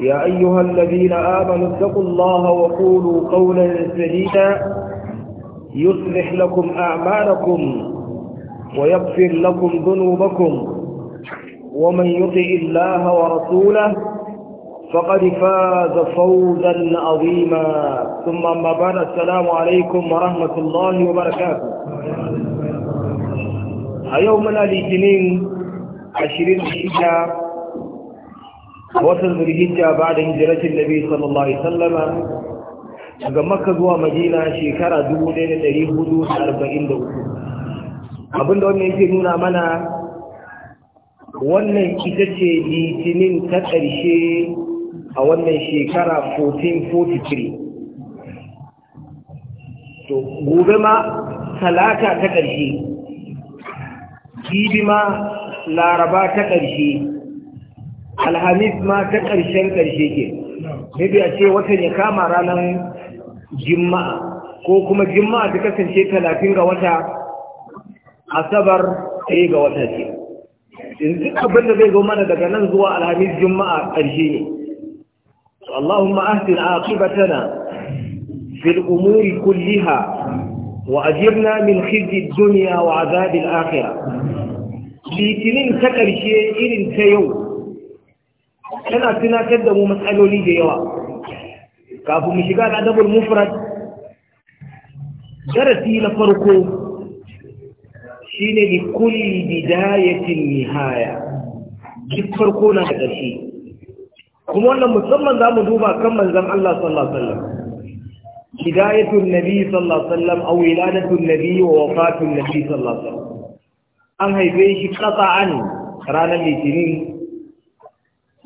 يا أيها الذين آمنوا اتقوا الله وقولوا قولا سديدا يصلح لكم أعمالكم ويغفر لكم ذنوبكم ومن يطع الله ورسوله فقد فاز فوزا عظيما ثم أما بعد السلام عليكم ورحمة الله وبركاته أيومنا لجنين عشرين شجاع watan zulhijja da hijiratin nabi sallallahu alaihi sallama daga makka zuwa madina shekara 1443 abinda wannan yake nuna mana wannan ita ce litinin ta ƙarshe a wannan shekara 1443 to gobe ma talata ta ƙarshe jibi ma laraba ta ƙarshe alhamis ma ta ƙarshen ƙarshe ke maybe a ce watan ya kama ranar jima'a ko kuma jima'a ta kasance talatin ga wata asabar ɗaya ga wata ce yanzu abin da zai zo mana daga nan zuwa alhamis jima'a ƙarshe ne Allahumma ahsin akibatana fil umuri kulliha wa ajirna min khizyi duniya wa 'adhabil akhirah litinin ta ƙarshe irin ta yau yana tunatar da mu matsaloli da yawa kafin mu shiga dabar mufrad darasi na farko shi ne li kulli bidayatin nihaya duk farko na da ƙarshe kuma wannan musamman za mu duba kan manzan Allah sallallahu alaihi wasallam hidayatun nabi sallallahu alaihi wasallam aw wiladatun nabi wa wafatun nabi sallallahu alaihi wasallam an haife shi qata'an ranar litinin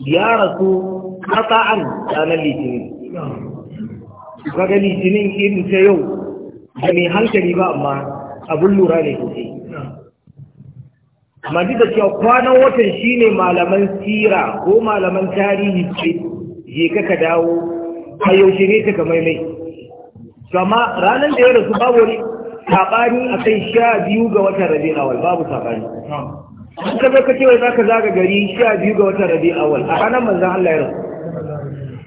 ya rasu kasa'an ranar litinin kaga litinin irin ta yau da mai hankali ba amma abin lura ne sosai amma da cewa kwanan watan shine malaman sira ko malaman tarihi ce je ka ka dawo a yaushe ne ka maimai amma ranar da ya rasu babu wani saɓani a sha biyu ga watan rabi'awal babu saɓani an ka ce cewa za ka zaga gari sha biyu ga watan rabi awal a ranar manzan Allah ya rasu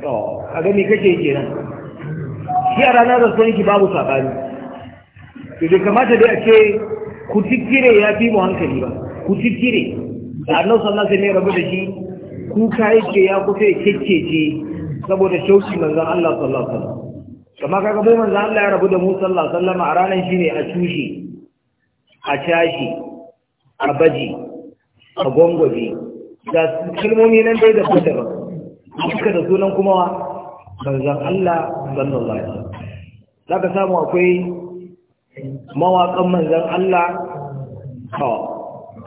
to a gani kake kenan shi a ranar rasuwan ki babu sabani to bai kamata dai a ce ku tikkire ya fi mu hankali ba ku tikkire da annabi sallallahu alaihi wasallam ya rabu da shi Ku kuka ke ya kusa ya kekkece saboda shauki manzan Allah sallallahu alaihi wasallam kama ka gabo manzan Allah ya rabu da mu sallallahu alaihi wasallam a ranar shi ne a tushe a tashi a baji a gwangwaje ga kalmomi nan dai da fitar suka da sunan kuma manzan Allah sallallahu alaihi za ka samu akwai mawaƙan manzan Allah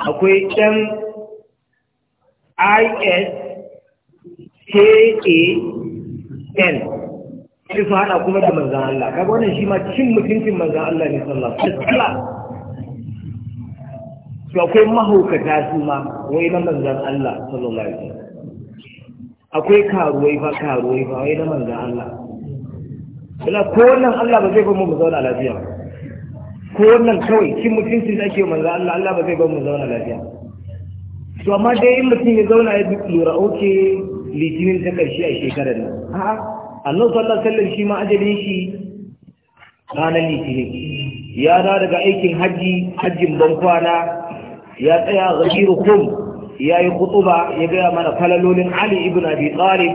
akwai ɗan ISKAN sai su haɗa kuma da manzan Allah kaga wannan shi ma cin mutuncin manzan Allah ne sallallahu alaihi wasallam to akwai mahaukata su ma wai na manzan Allah sallallahu alaihi wasallam akwai karuwai ba karuwai ba wai na manzan Allah kuma ko wannan Allah ba zai ba mu zauna lafiya ko wannan kawai kin mutuncin da ake manzan Allah Allah ba zai ba mu zauna lafiya to amma dai in mutum ya zauna ya lura oke litinin ta karshe a shekarar nan a Allah sallallahu alaihi wasallam shi ma ajalin shi ranar litinin ya da daga aikin hajji hajjin bankwana ya tsaya zakiru kum ya yi kutuba ya gaya mana falalolin ali ibn abi talib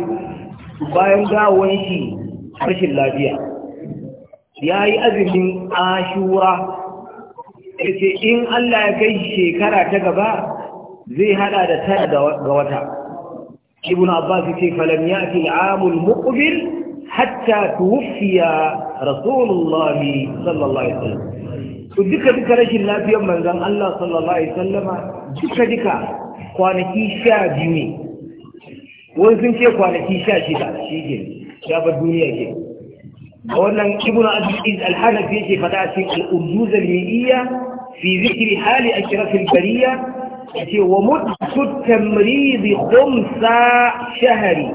bayan dawon shi rashin lafiya ya yi azumin ashura ya ce in allah ya kai shekara ta gaba zai hada da tara ga wata ibn abbas ce falam ya fi al'amul muqbil hatta tuwfiya rasulullahi sallallahu alaihi wasallam to duka duka rashin lafiyar manzon Allah sallallahu alaihi wasallama duka duka kwanaki sha biyu ne wani sun ce kwanaki sha shida shi ke ya bar duniya ke a wannan ibn aziz al-hanafi yake faɗa a cikin al-urduz al-mi'iyya fi zikri hali ashraf al-bariyya yace wa muddu tamrid khumsa shahri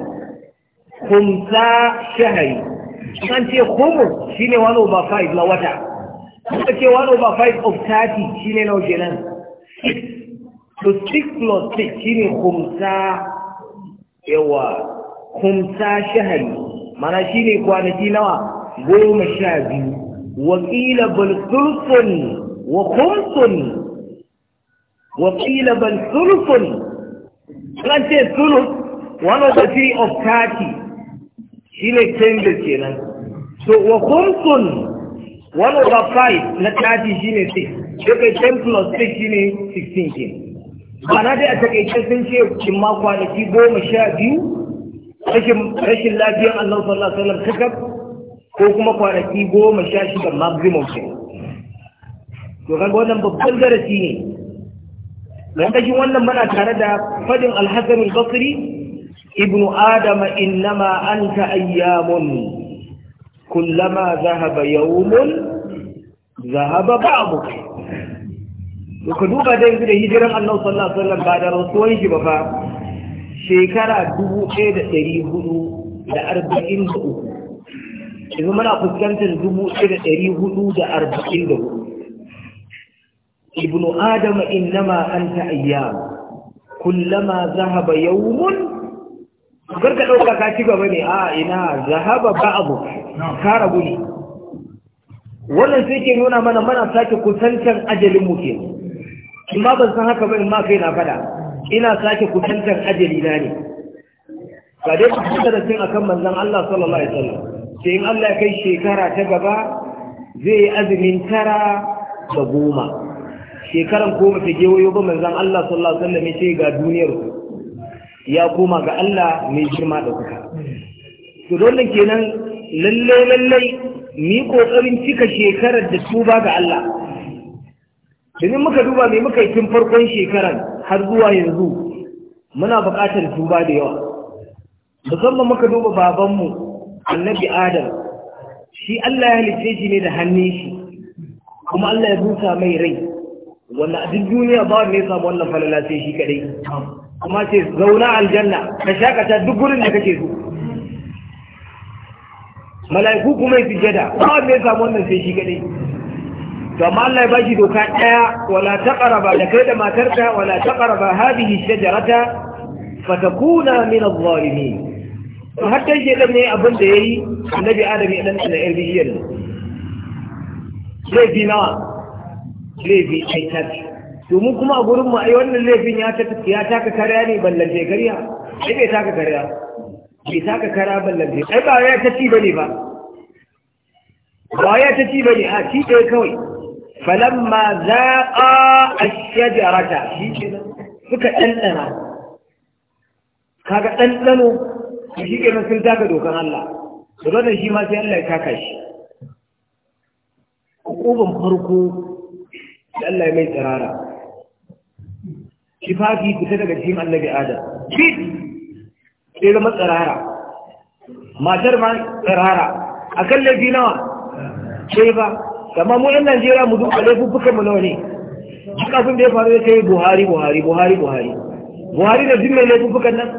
khumsa shahri kan ce khumus shine 1 over 5 na wata Muka ke 1 over 5 of 30 shi ne nau kenan. 6. To 6 plus 6 shi ne kumsa yawa, kumsa shahari. Mana shi ne kwanaki nawa goma sha biyu. Wakila balsulsun, sulfun wa kumsun. Wakila balsulsun, sulfun. Kan ce sulus 1 over 3 of 30 shi ne 10 da ke nan. So wa kumsun 1 over 5 na 30 shi ne 6 shi kai 10 plus 6 shi ne 16 ke ma'ana dai a takaice sun ce cikin makwa da ki goma sha biyu rashin lafiyar Allah sallallahu alaihi wasallam kakaf ko kuma kwanaki goma sha shida maximum ke to kaga wannan babban darasi ne don kashin wannan muna tare da fadin alhassan al-basri ibnu adama innama anta ayyamun kullama zahaba yawmun zahaba ba'du ku duba da yanzu da hijiran Allah sallallahu alaihi wasallam ba da rasuwan shi ba fa shekara 1443 yanzu muna fuskantar 1444 ibnu adama innama anta ayyam kullama zahaba yawmun gurga ɗauka ka ci gaba ne a ina zahaba ba abu ka rabu ne wannan sai ke nuna mana mana sake kusantan ajalin muke ke ma ban san haka ba in ma kai na fada ina sake kusantan ajali na ne ga dai kusa da cin akan manzon Allah sallallahu alaihi wasallam sai in Allah ya kai shekara ta gaba zai yi azumin tara da goma shekaran goma ta je wayo ba manzon Allah sallallahu alaihi wasallam ya ce ga duniyar ku ya koma ga Allah mai girma da kuka. To dole kenan lallai lallai ni kokarin cika shekarar da tuba ga Allah. Domin muka duba mai muka yi tun farkon shekarar har zuwa yanzu muna buƙatar tuba da yawa. Musamman muka duba babanmu annabi Adam shi Allah ya halitta shi ne da hannun shi kuma Allah ya busa mai rai wanda a duniya ba ne ya samu wannan falala sai shi kaɗai. amma ce zauna aljanna ka shakata duk gurin da kake so mala'iku kuma yi sujjada ba wanda ya samu wannan sai shi kadai to amma Allah ya bashi doka daya wala taqraba da kai da matarka wala taqraba hadhihi shajarata fatakuna min adh-dhalimin to har dai shedan ne abin da yayi annabi adam ya dan da irbiyyan laifi nawa laifi aitat domin kuma a gurin mu ai wannan laifin ya ta ya taka karya ne ballan bai ai bai taka karya bai taka kara ballan bai ai ba ya ta ci bane ba ba ya ta ci bane a ci dai kawai falamma zaqa ash-shajarata shi ne suka dandana, kaga dandano shi ke nan sun taka dokan Allah to dole shi ma sai Allah ya taka shi hukuban farko da Allah ya mai tsirara shifafi fita daga cikin annabi adam fit sai zama tsirara matar ma tsirara a kan laifi nawa sai ba kamar mu yan najeriya mu duka laifuffukan mu nawa ne duk abin da ya faru ya kai buhari buhari buhari buhari buhari da jin mai laifuffukan nan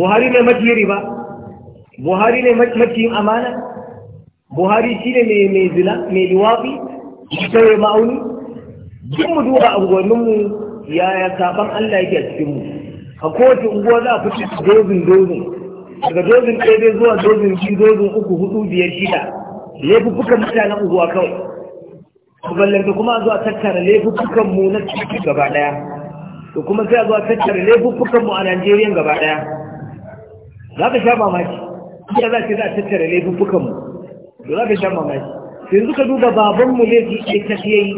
buhari ne maciyi riba buhari ne maciyin amana buhari shi ne mai zina mai liwafi mai ma'auni duk mu duba unguwanninmu yaya sabon Allah yake a cikin mu a kowace unguwa za a fita dozin dozin daga dozin ɗaya zuwa dozin biyu dozin uku hudu biyar shida laifuffukan mutanen unguwa kawai Ku ballanta kuma a zuwa tattara laifukan mu na cikin gaba ɗaya to kuma sai a zuwa tattara laifukan mu a Najeriya gaba ɗaya za ka sha mamaki ita za yi za a tattara laifukan mu to za ka sha mamaki yanzu ka duba babanmu laifi ɗaya ta fiye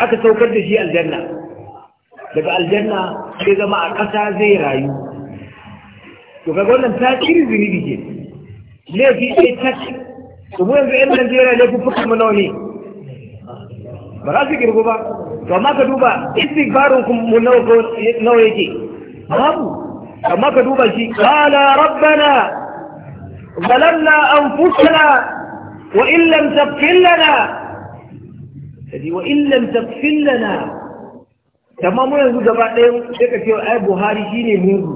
aka saukar da shi aljanna daga aljanna sai zama a ƙasa zai rayu to kaga wannan tasirin zunubi ke laifi sai tashi to mu yanzu 'yan najeriya laifuffukan mu nawa ne ba za su girgu ba to amma ka duba istighfarin mu nawa yake babu amma ka duba shi qala rabbana ظلمنا أنفسنا wa لم تغفر لنا kaji wa illam tafsil lana amma mu yanzu gaba ɗaya sai ka ce ai Buhari shi ne mugu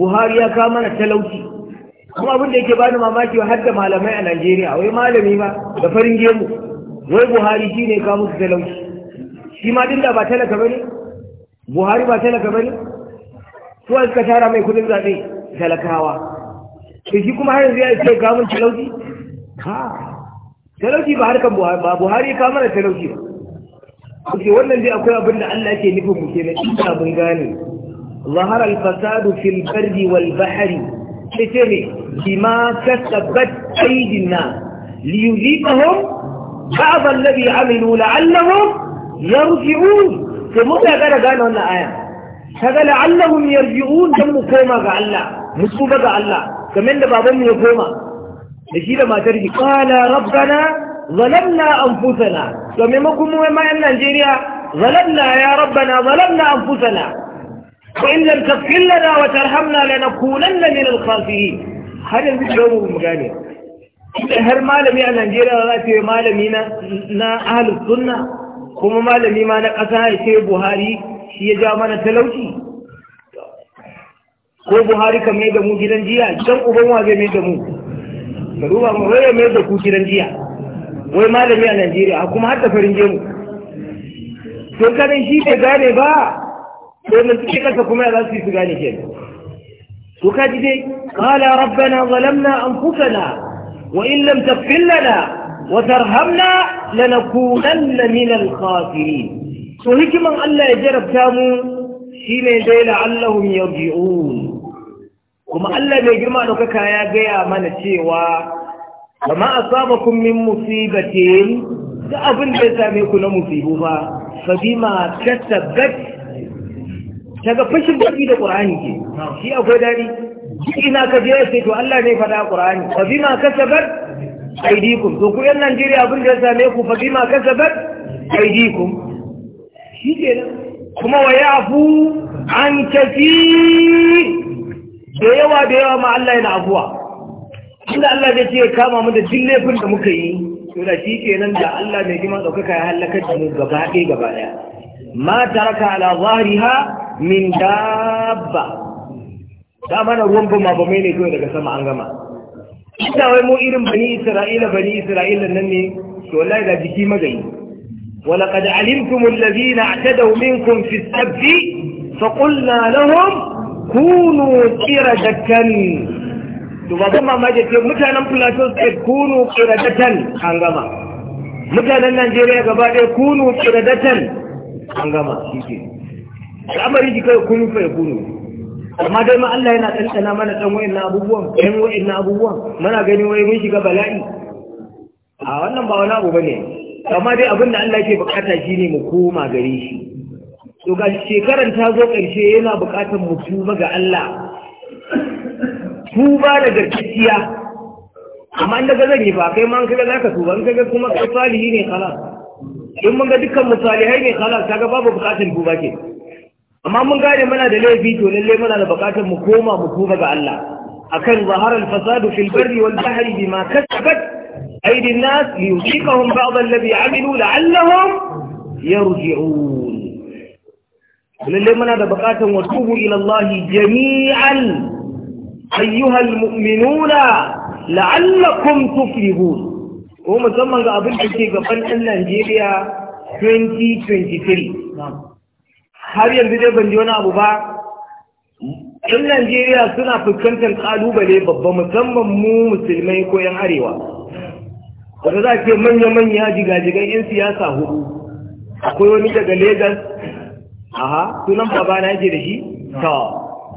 Buhari ya kawo mana talauci kuma abin da yake bani mamaki wa hadda malamai a Najeriya wai malami ma da farin gemu wai Buhari shine kawo musu talauci shi ma din da ba talaka bane Buhari ba talaka bane su a suka tara mai kudin zaɓe talakawa to shi kuma har yanzu ya ce kawo mun talauci ha talauci ba harka ba buhari ya kama da talauci ba kuke wannan dai akwai abin da Allah ke nufin mu kenan in ka mun gane zahara al-fasad fil bardi wal bahri kace ne bima kasabat aydina li yuliqahum ba'd alladhi amilu la'allahum yarji'un to mu ga gara gane wannan aya kaga la'allahum yarji'un dan mu koma ga Allah mu tuba ga Allah kamar da babanmu ya koma da shi da matar shi qala rabbana zalamna anfusana to maimakon mu ma yan Najeriya zalamna ya rabbana zalamna anfusana Ko in lam taghfir lana wa tarhamna lanakunanna min al-khasirin har yanzu da mu gane har malami a Najeriya za ta yi malami na ahlus sunna kuma malami ma na ƙasa ya ce Buhari shi ya ja mana talauci ko Buhari kamar da mu gidan jiya gidan uban wa zai mai da mu ka duba mu wai mai da ku kiran jiya wai malami a Najeriya kuma har da farin jemu. to kanin shi bai gane ba to mun suke kasa kuma ya za su yi su gane kenan to ji dai qala rabbana zalamna anfusana wa in lam taghfir lana wa tarhamna lanakunanna min al-khasirin to hikiman Allah ya jarabta mu shine dai la'allahum yarji'un kuma Allah mai girma ɗaukaka ya gaya mana cewa ba ma a saba kun min musibatin da abin da ya same ku na musibu ba fa bima kasabat ta ga fashin baki da qur'ani ke shi akwai dadi ina ka je sai to Allah ne faɗa qur'ani fa bima kasabat aidikum to ku yan Najeriya abin da ya same ku fa bima kasabat aidikum shi kenan kuma wa yafu an kafi da yawa da yawa ma Allah yana afuwa inda Allah zai ce ya kama mu da duk laifin da muka yi to da shi kenan da Allah mai jima ɗaukaka ya halakar da mu gaba ɗaya gaba ɗaya ma taraka ala zahriha min dabba da mana ruwan bama ba mai ne kawai daga sama an gama inda wai mu irin bani isra'ila bani isra'ila nan ne to wallahi da jiki magayi ولقد علمتم الذين اعتدوا منكم في السبت فقلنا لهم kunu qiradatan to ba kuma ma ce mutanen plateau state kunu kira qiradatan an gama mutanen Najeriya gaba ɗaya kunu kira qiradatan an gama shike al'amari ji kai kunu fa kunu amma dai ma Allah yana tsantsana mana dan na abubuwan ɗan na abubuwan muna gani wai mun shiga bala'i a wannan ba wani abu bane amma dai abin da Allah yake bukata shine mu koma gare shi to ga shekaran ta zo ƙarshe yana buƙatar mu tuba ga Allah tuba da gaskiya amma in daga zan yi ba kai ma in kaga zaka tuba in kaga kuma kai salihi ne khalas in mun ga dukkan mu salihai ne khalas kaga babu buƙatar tuba ke amma mun gane mana da laifi to lalle muna da buƙatar mu koma mu tuba ga Allah akan zaharar fasadu fil barri wal bahri bima kasabat aydin nas liyuziqahum ba'd alladhi amilu la'allahum yarji'un lalle muna da bukatan wa tubu ila Allah jami'an ayyuhal mu'minuna la'allakum tuflihun ko musamman ga abin da ke gaban ɗan Najeriya 2023 har yanzu dai ban ji wani abu ba ɗan Najeriya suna fuskantar ƙalubale babba musamman mu musulmai ko 'yan arewa wanda za ce manya-manya jigajigan 'yan siyasa hudu akwai wani daga Legas aha sunan baba na yake da shi to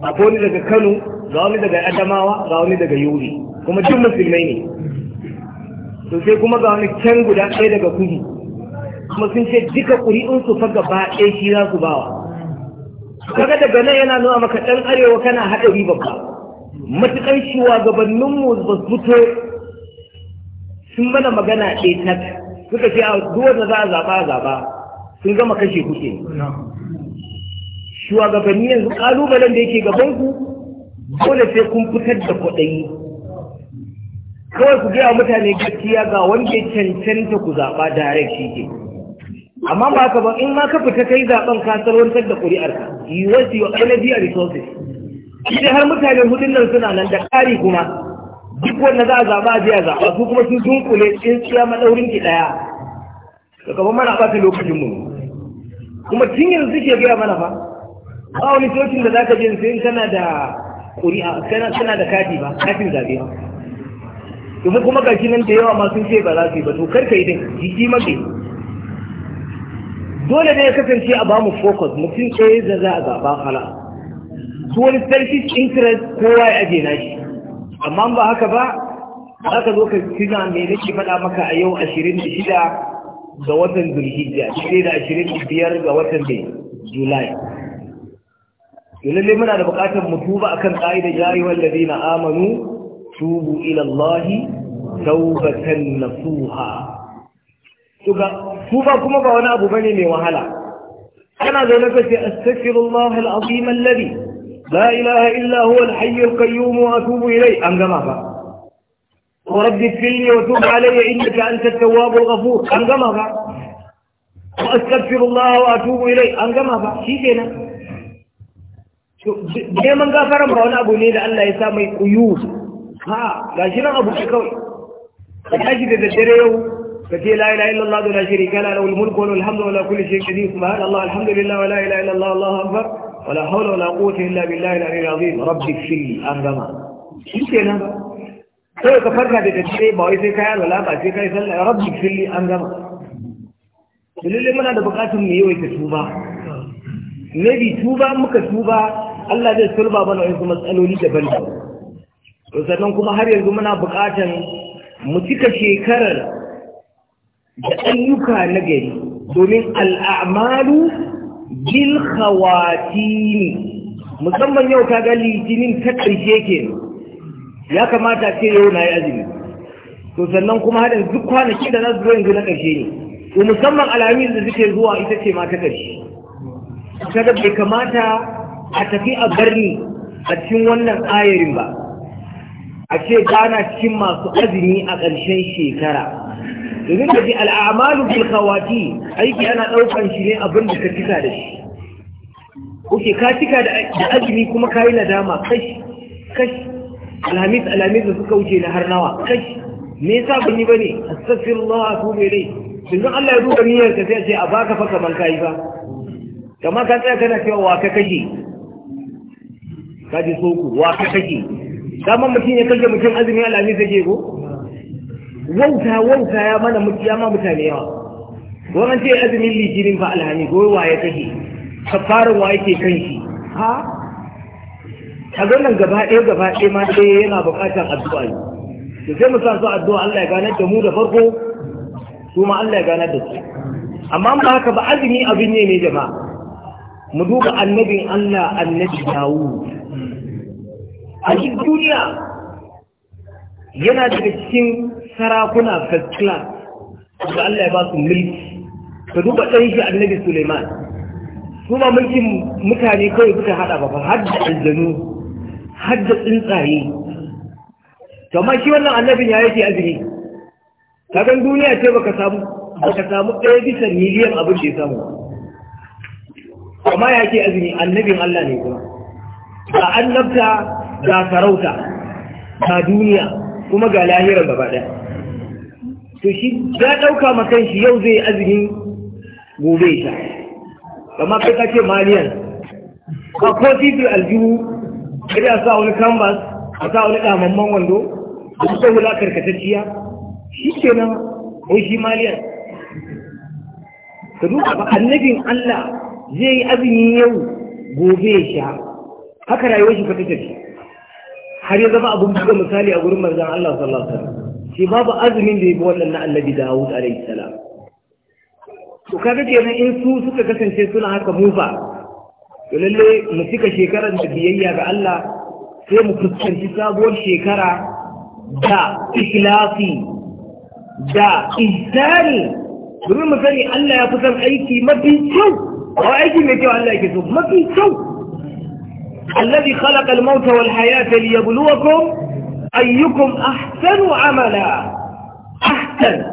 akwai wani daga Kano ga wani daga Adamawa ga wani daga yuri kuma duk musulmai ne to sai kuma ga wani can guda ɗaya daga kudu kuma sun ce duka ƙuri'un su fa gaba ɗaya shi za su bawa kaga daga nan yana nuna maka ɗan arewa kana haɗari babba matuƙar shugabanninmu ba su fito sun mana magana ɗaya tak suka ce a da za a zaɓa a zaɓa sun gama kashe kuke shugabanni yanzu kalubalen da yake gaban ku dole sai kun fitar da kwaɗayi kawai ku gaya mutane gaskiya ga wanda ya cancanta ku zaɓa direct shi ke amma ba ka ba in ma ka fita kai zaɓen ka sarwantar da ƙuri'arka you waste your energy and resources idan har mutane hudun nan suna nan da ƙari kuma duk wanda za a zaɓa a jiya zaɓa su kuma sun dunkule tsintsiya maɗaurin ki ɗaya Ka kafa mana ɓata lokacin mu kuma tun yanzu ke gaya mana fa ba wani cocin da za ka je sai kana da ƙuri'a kana da kati ba katin zaɓe ba yanzu kuma gashi nan da yawa ma sun ce ba za su yi ba to kar ka yi din jiki mafi dole ne ya kasance a bamu focus mutum ɗaya da za a zaɓa hala su wani selfish interest kowa ya aje nashi amma ba haka ba za ka zo ka tuna me nake faɗa maka a yau ashirin da shida ga watan zulhijja sai da ashirin da biyar ga watan mai julai to lalle muna da buƙatar mu tuba akan ƙa'idar ya ayyuhal ladina amanu tubu ila Allah tawbatan nasuha tuga tuba kuma ba wani abu bane mai wahala ana zaune ka ce astaghfirullah al-azim alladhi la ilaha illa huwa al-hayy al-qayyum wa atubu ilayh an gama ba ورب اغفرني وتوب علي انك انت التواب الغفور ان جمع وأستغفر الله وأتوب إليه أنجمها شيء كنا neman gafaran ba wani abu ne da Allah ya sa mai kuyu ha ga shi nan abu shi kawai ka tashi da dare yau ka ce la ilaha illallah da la sharika la lahu al-mulku wa lahu al-hamdu wa la kulli shay'in qadir allah alhamdulillah wa la ilaha illallah allahu akbar wa la hawla wa la quwwata illa billahi al-ali al-azim rabbi fili an gama shi kenan sai ka farka da dare ba wai sai ka yi alwala ba sai ka yi sallah rabbi fili an gama lalle muna da bukatun mu yawaita tuba ne bi tuba muka tuba Allah zai sulba mana wasu matsaloli daban daban sannan kuma har yanzu muna buƙatan mu cika shekarar da ayyuka na gari domin al'amalu bil khawatini musamman yau ka ga litinin ta ƙarshe ke ya kamata ce yau na yi azumi to sannan kuma haɗin duk kwanaki da na zuwa yanzu na ƙarshe ne to musamman alamin da suke zuwa ita ce ma ta ƙarshe kaga bai kamata a tafi a barni a cikin wannan ayarin ba a ce gana cikin masu azumi a ƙarshen shekara domin da ji al'amalu bil khawati aiki ana ɗaukan shi ne abin da ka cika da shi oke ka cika da azumi kuma ka yi nadama kashi kashi alhamis alhamis da suka wuce na har nawa kashi me yasa ban yi bane astaghfirullah atubu dai. yanzu Allah ya duba miyar ka sai a ce a baka fa kamar kai ba kamar ka tsaya kana cewa wa ka kashe ka ji ku wa ka take dama mutum ya kalle mutum azumi alami take ko wauta wauta ya mana ya ma mutane yawa wannan ce azumin litinin fa alhami ko wa ya kake kafarin wa yake kan shi ha a ganin gaba ɗaya gaba ɗaya ma ɗaya yana buƙatar addu'a ne to sai mu sa su addu'a Allah ya ganar da mu da farko su ma Allah ya ganar da su amma ba haka ba azumi abin ne ne jama'a mu duba annabin Allah annabi Dawud a cikin duniya yana daga cikin sarakuna first class da Allah ya ba su mulki ka duba ɗan shi annabi Suleiman su ma mulkin mutane kawai suka haɗa ba har da aljanu har da tsuntsaye to amma shi wannan annabin ya yake azumi kagan duniya ce baka samu baka samu ɗaya bisa miliyan abin da ya samu amma ya ke azumi annabin Allah ne kuma ba annabta ga farauta ga duniya kuma ga lahirar gaba ɗaya to shi ya ɗauka ma kanshi yau zai azumin gobe ta kamar kai kace maliyan ba ko titi aljihu kai a sa wani canvas a sa wani ɗamamman wando a kusa wula karkatacciya shi kenan ko shi maliyan ka duka ba annabin Allah zai yi azumin yau gobe sha haka rayuwar shi ka tafi har ya zama abun buga misali a gurin manzon Allah sallallahu alaihi wasallam shi babu azumin da yafi wannan na annabi Dawud alaihi salam to kaga kenan in su suka kasance suna haka mu fa to lalle mu cika shekarar da biyayya ga Allah sai mu fuskanci sabuwar shekara da ikhlasi da izani domin mu sani Allah ya fi son aiki mafi kyau aiki mai kyau Allah yake so mafi kyau الذي خلق الموت والحياة ليبلوكم أيكم أحسن عملا أحسن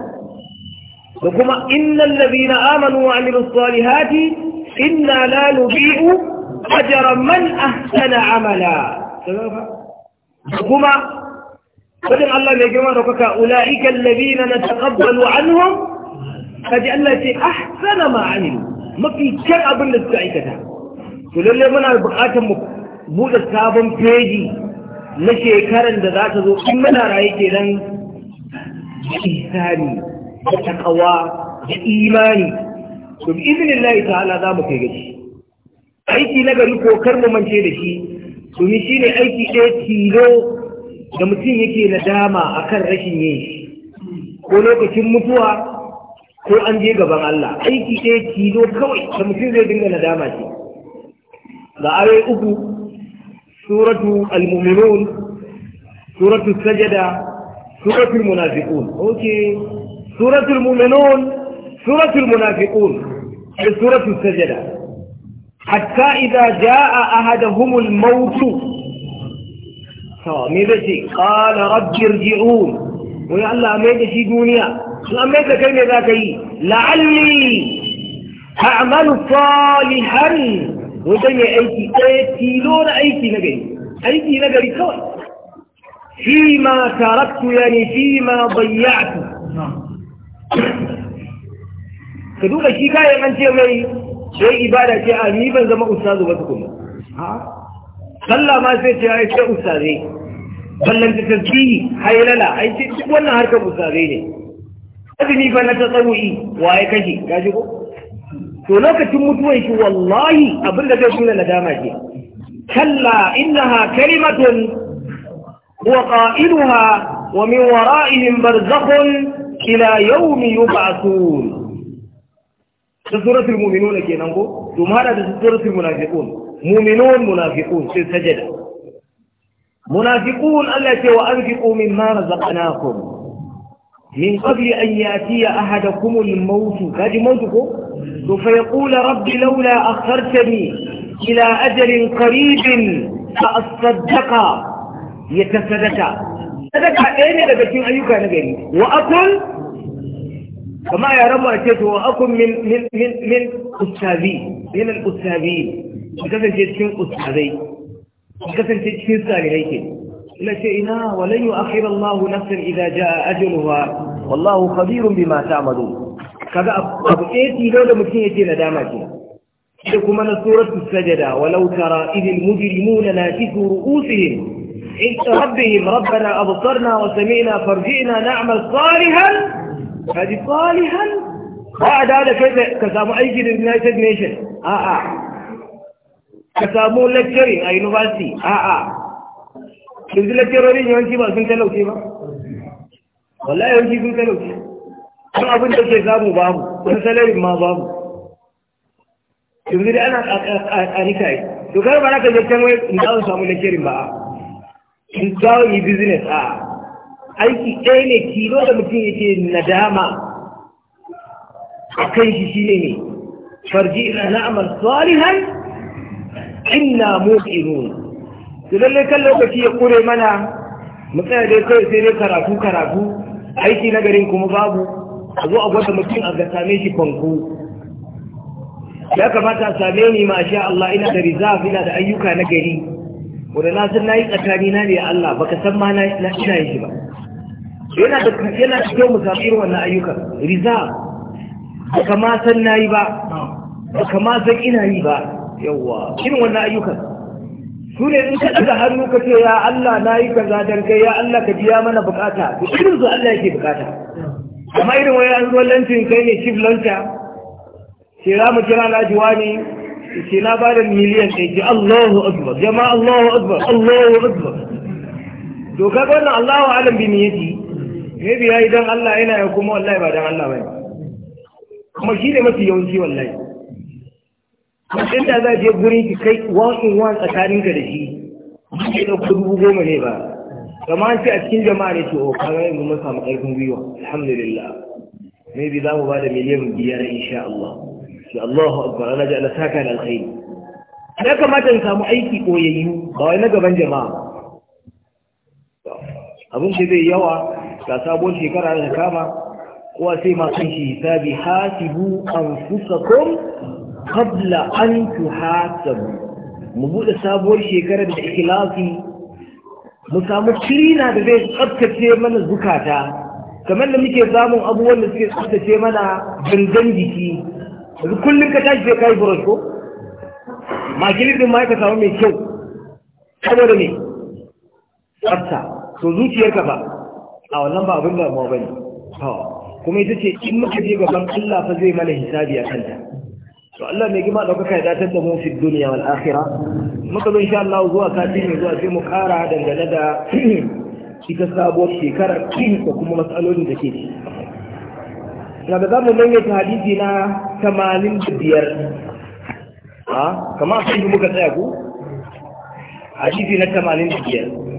وكما إن الذين آمنوا وعملوا الصالحات إنا لا نضيع أجر من أحسن عملا وكما فجر الله يجمع ركك أولئك الذين نتقبل عنهم فجعلت أحسن ما عملوا ما في كأب أبن لسعيكتها ولله منا بقاتهم buɗe sabon feji na shekarar da za ta zo in muna raye kenan da isani da takawa da imani to bi izinin layi ta'ala za mu kai gaci aiki na gari ko kar mu mance da shi domin shi ne aiki ɗaya tilo da mutum yake nadama a kan rashin yin shi ko lokacin mutuwa ko an je gaban Allah aiki ɗaya tilo kawai da mutum zai dinga nadama shi ga ayoyi uku سورة المؤمنون سورة السجدة سورة المنافقون أوكي سورة المؤمنون سورة المنافقون سورة السجدة حتى إذا جاء أحدهم الموت طيب، ماذا شيء قال رب ارجعون ويا الله ماذا شيء دنيا ماذا كلمة ذاك إيه؟ لعلي أعمل صالحا wajen ya aiki ɗaya tilo na aiki na gari aiki na gari kawai fi ma taraktu ya ne fi ma bayyatu ka duba shi kayan an ce mai sai ibada ce a ni ban zama ustazu ba tukuna sallah ma sai ce ai sai ustazai ballan ta tasbihi hailala ai ce wannan harkar ustazai ne azumi fa na tasawu'i waye kashi ka ji ko to lokacin mutuwan shi wallahi abin da zai nuna nadama ke kalla innaha kalimatun huwa qailuha wa min wara'ihim barzakhun ila yawmi yub'athun suratul mu'minun kenan ko to ma da suratul munafiqun mu'minun munafiqun sai sajada munafiqun Allah ce wa anfiqu mimma razaqnakum min qabli an yatiya ahadakum al-maut kaji mautu ko سوف يقول رب لولا أخرتني إلى أجل قريب فأصدق يتصدق صدق أين لبكين أيوكا نجري وأكل كما يا رب أتيت وأكل من من من من أستاذي من الأستاذين وكذا جيتين أستاذي وكذا جيتين صالحين إلى شيئنا ولن يؤخر الله نفسا إذا جاء أجلها والله خبير بما تعملون kaga abu ɗaya tilo da mutum yake na dama ke da kuma na suratu sajada walau tara idil mujrimuna ru'usihim عند ربهم ربنا أبصرنا وسمعنا فارجعنا نعمل صالحا هذه صالحا بعد هذا كسامو أي جيل اليونايتد نيشن آآ آآ كسامو لكترين أي نوفاسي آآ آ كنت لكترين يوانتي با سنتلوتي با والله يوانتي سنتلوتي har abin da ke samu babu wani salarin ma babu yanzu dai ana tsanika yi to kar ba za ka je can wai in za samu na kirin ba in za yi business a aiki ɗaya ne kilo da mutum yake nadama a kan shi shi ne ne farji ina na'amar salihan inna mu'minun to lallai kan lokaci ya kure mana mu dai kai sai dai karatu karatu aiki na garin kuma babu a zo a gwada mutum a ga same shi fanko ya kamata a same ni ma sha Allah ina da reserve ina da ayyuka na gari wanda na san nayi tsakani na ne Allah baka san ma na ina yin shi ba yana da yana da kyau mu sami irin wannan ayyukan reserve baka ma san nayi ba baka ma san ina yi ba yawa Kin wannan ayyukan su ne in ka daga hannu ka ce ya Allah na yi kaza dan kai ya Allah ka biya mana bukata to irin su Allah yake bukata amma irin wani an zuwa lantin kai ne chief launcher ce za mu kira alhaji wani ce na ba da miliyan ɗaya ce Allahu Akbar jama'a Allahu Akbar Allahu Akbar to kaga wannan Allahu alam bi niyyati ne biya idan Allah yana ya kuma wallahi ba dan Allah bane kuma shi ne mafi yawanci wallahi mutum inda za je gurin ki kai one in one tsakaninka da shi ba ke ɗauka dubu goma ne ba kama an a cikin jama'a ne ce o oh, kaga yanzu mun samu ƙarfin gwiwa alhamdulillah maybe za mu ba da miliyan biyar insha Allah shi Allahu akbar ana ji saka alkhairi ya kamata in samu aiki koyayyu ba wai na gaban jama'a abin da zai yawa ga sabon shekara da kama kowa sai ma kan shi hisabi hasibu anfusakum qabla an tuhasabu mu bude sabuwar shekarar da ikhlasi mu samu firina da zai tsabtace mana zukata kamar da muke samun abubuwan da suke tsabtace mana gangan jiki yanzu kullum ka tashi sai kai burus ko ma gilibin ma ka samu mai kyau saboda me tsabta to ka ba a wannan ba abin da ma bane kuma ita ce in muka je gaban Allah fa zai mana hisabi a kanta to Allah mai gima da kuka yadda da mu fi duniya wal akhirah muka zo insha Allah zuwa kafin mai zuwa sai mu kara dangane da ita sabuwar shekara da kuma matsalolin da ke ci ga za mu maimaita hadisi na tamanin da biyar ah, a kama a muka tsaya ku hadisi na tamanin da biyar